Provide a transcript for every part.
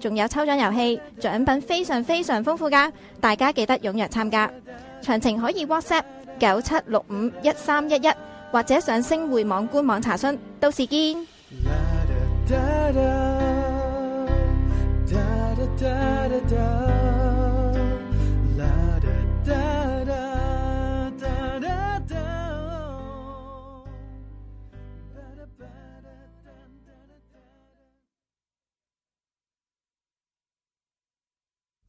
仲有抽獎遊戲，獎品非常非常豐富㗎，大家記得踴躍參加。詳情可以 WhatsApp 97651311，或者上星匯網官網查詢。到時見。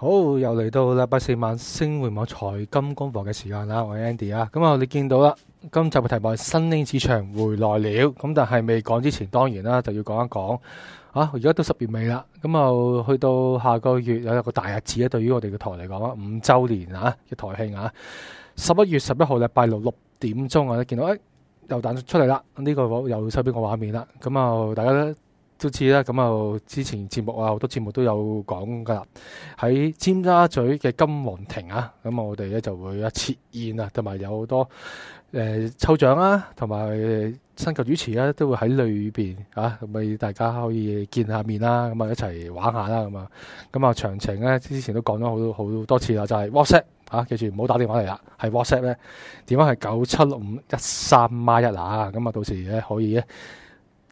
好，又嚟到禮拜四晚星匯網財金工房嘅時間啦，我係 Andy 啊。咁啊，你見到啦，今集嘅題目係「新興市場回來了」。咁但係未講之前，當然啦，就要講一講啊。而家都十月尾啦，咁啊，去到下個月有一個大日子啊，對於我哋嘅台嚟講啊，五周年啊嘅台慶啊，十一月十一號禮拜六六點鐘啊，見到誒、哎，又彈出嚟啦。呢、這個又收邊個畫面啦。咁啊，大家咧。都知啦，咁啊，之前節目啊，好多節目都有講㗎喇。喺尖沙咀嘅金皇亭啊，咁啊，我哋咧就會啊設宴啊，同埋有好多、呃、抽獎啊，同埋新舊主持啊，都會喺裏面啊，咁咪大家可以見下面啦，咁啊，一齊玩下啦，咁啊，咁啊，詳情咧，之前都講咗好多好多次啦，就係、是、WhatsApp 啊，記住唔好打電話嚟啦，係 WhatsApp 咧，電話係九七六五一三孖一啊，咁啊，到時咧可以咧。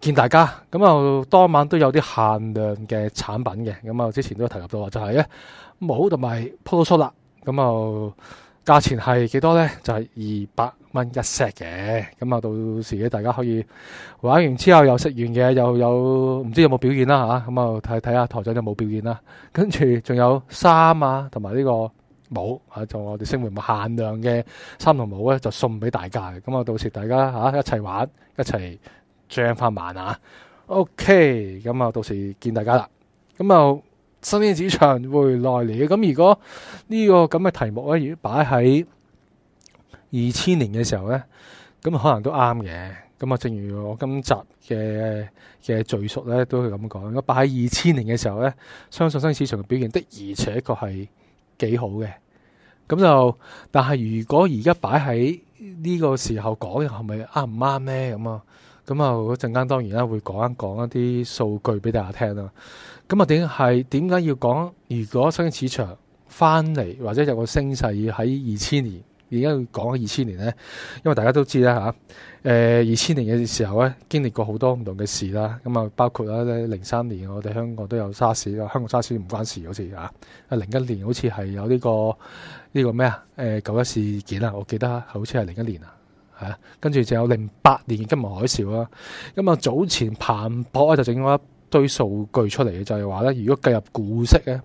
見大家。咁啊，我當晚都有啲限量嘅產品嘅，咁啊，之前都提及到啊，就係、是、咧帽同埋 polo 衫啦，咁啊價錢係幾多咧？就係二百蚊一 set 嘅，咁啊到時咧大家可以玩完之後又食完嘢，又有唔知有冇表現啦吓，咁啊睇睇下台長有冇表現啦。跟住仲有衫啊，同埋呢個帽啊，就我哋升明冇限量嘅衫同帽咧，就送俾大家。咁啊到時大家吓一齊玩，一齊。漲翻慢啊！OK，咁啊，到時見大家啦。咁啊，新興市場回嚟嘅。咁如果呢個咁嘅題目咧，擺喺二千年嘅時候咧，咁可能都啱嘅。咁啊，正如我今集嘅嘅敘述咧，都係咁講。咁擺喺二千年嘅時候咧，相信新興市場嘅表現的而且確係幾好嘅。咁就，但係如果而家擺喺呢個時候講，係咪啱唔啱呢？咁啊？咁啊，陣間當然啦，會講一講一啲數據俾大家聽啦。咁啊，點係點解要講？如果新興市場翻嚟，或者有個升勢喺二千年，而家要講二千年呢？因為大家都知啦吓，二千年嘅時候咧，經歷過好多唔同嘅事啦。咁啊，包括咧零三年，我哋香港都有沙士，香港沙士唔關事好似啊，零一年好似係有呢、呢個呢、呢個咩啊？誒、呃，九一事件啊，我記得好似係零一年啊。係啊，跟住就有零八年嘅金融海嘯啦。咁、嗯、啊，早前彭博咧就整咗一堆數據出嚟嘅，就係話咧，如果計入股息咧，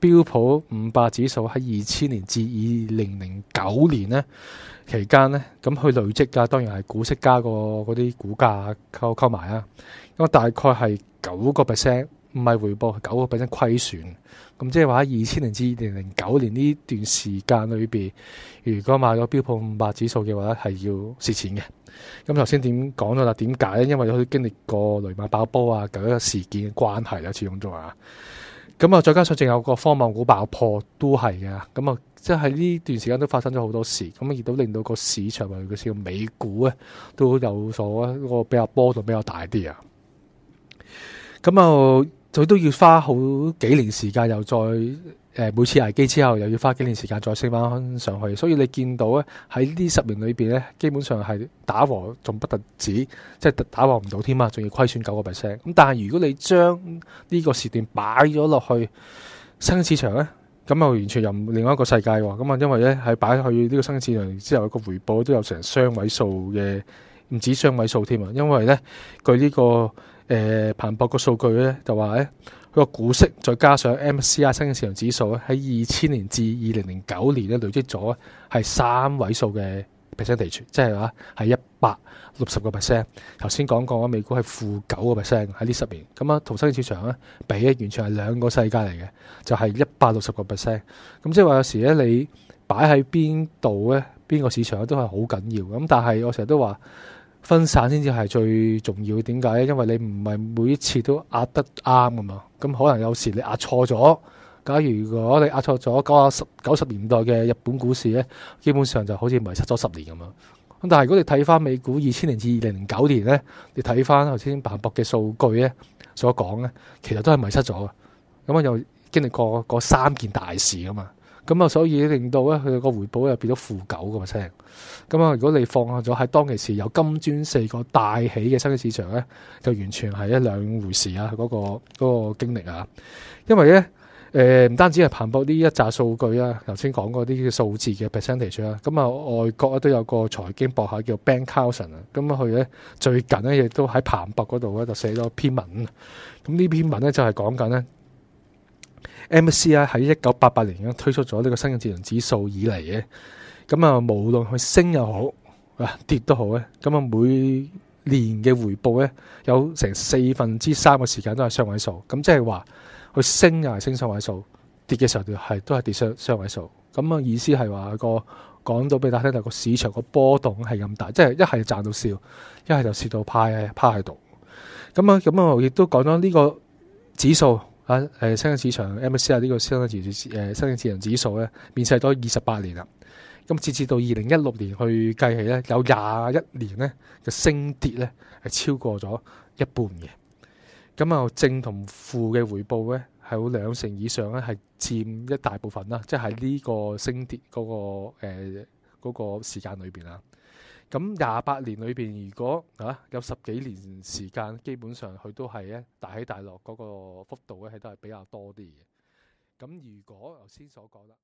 標普五百指數喺二千年至二零零九年呢期間呢，咁、嗯、去累積價，當然係股息加個嗰啲股價溝溝埋啊，咁、嗯、大概係九個 percent。唔係回報，九個本身虧損虧損。咁即係話喺二千年至二零零九年呢段時間裏面，如果買咗標普五百指數嘅話，係要蝕錢嘅。咁頭先點講咗啦？點解咧？因為佢經歷過雷曼爆煲啊，嗰個事件嘅關係啦，始終都啊。咁啊，再加上仲有個科網股爆破都係嘅。咁啊，即係呢段時間都發生咗好多事。咁亦都令到個市場或埋個市美股啊，都有所個比較波動比較大啲啊。咁啊～佢都要花好幾年時間，又再誒每次危機之後，又要花幾年時間再升翻上去。所以你見到咧喺呢十年裏邊咧，基本上係打和，仲不特止，即係打和唔到添啊，仲要虧損九個 percent。咁但係如果你將呢個時段擺咗落去新興市場咧，咁啊完全又唔另外一個世界喎。咁啊因為咧係擺去呢個新興市場之後，個回報都有成雙位數嘅，唔止雙位數添啊。因為咧佢呢個。誒彭博個數據咧，就話咧個股息再加上 MSCI 新興市場指數咧，喺二千年至二零零九年咧累積咗係三位數嘅 percent 地處，即係話係一百六十個 percent。頭先講過話美股係負九個 percent 喺呢十年，咁啊，同新興市場咧比咧完全係兩個世界嚟嘅，就係一百六十個 percent。咁即係話有時咧你擺喺邊度咧，邊個市場咧都係好緊要。咁但係我成日都話。分散先至係最重要的。點解咧？因為你唔係每一次都壓得啱噶嘛。咁可能有時你壓錯咗，假如如果你壓錯咗，九啊十九十年代嘅日本股市呢，基本上就好似迷失咗十年咁樣。咁但係如果你睇翻美股二千年至二零零九年呢，你睇翻頭先彭博嘅數據呢，所講呢，其實都係迷失咗嘅。咁啊，又經歷過嗰三件大事噶嘛。咁啊，所以令到咧佢個回報又變咗負九㗎嘛。聲。咁啊，如果你放下咗喺當其時有金磚四個大起嘅新嘅市場咧，就完全係一兩回事啊！嗰個嗰個經歷啊，因為咧呃唔單止係彭博呢一紮數據啊，頭先講過啲數字嘅 percentage 啊。咁啊，外國啊都有個財經博客叫 Ben Carlson 啊。咁啊，佢咧最近咧亦都喺彭博嗰度咧就寫咗篇文。咁呢篇文咧就係講緊咧。m c 咧喺一九八八年推出咗呢個新興指數以嚟嘅，咁啊無論佢升又好啊跌都好咧，咁啊每年嘅回報咧有成四分之三嘅時間都係雙位數，咁即係話佢升又係升雙位數，跌嘅時候係都係跌雙雙位數，咁啊意思係話個講到俾大家聽個市場個波動係咁大，即係一係賺到笑，一係就蝕到趴喺趴喺度，咁啊咁啊亦都講咗呢個指數。啊！誒、呃，新興市場 MSCI 啊，呢個新興誒新興市場指數咧，面世咗二十八年啦。咁截至到二零一六年去計起咧，有廿一年咧嘅升跌咧係超過咗一半嘅。咁啊，正同負嘅回報咧係有兩成以上咧，係佔一大部分啦。即係喺呢個升跌嗰、那個誒嗰、呃那個時間裏邊啊。咁廿八年裏邊，如果嚇、啊、有十幾年時間，基本上佢都係咧大起大落嗰個幅度咧，係都係比較多啲嘅。咁如果頭先所講啦。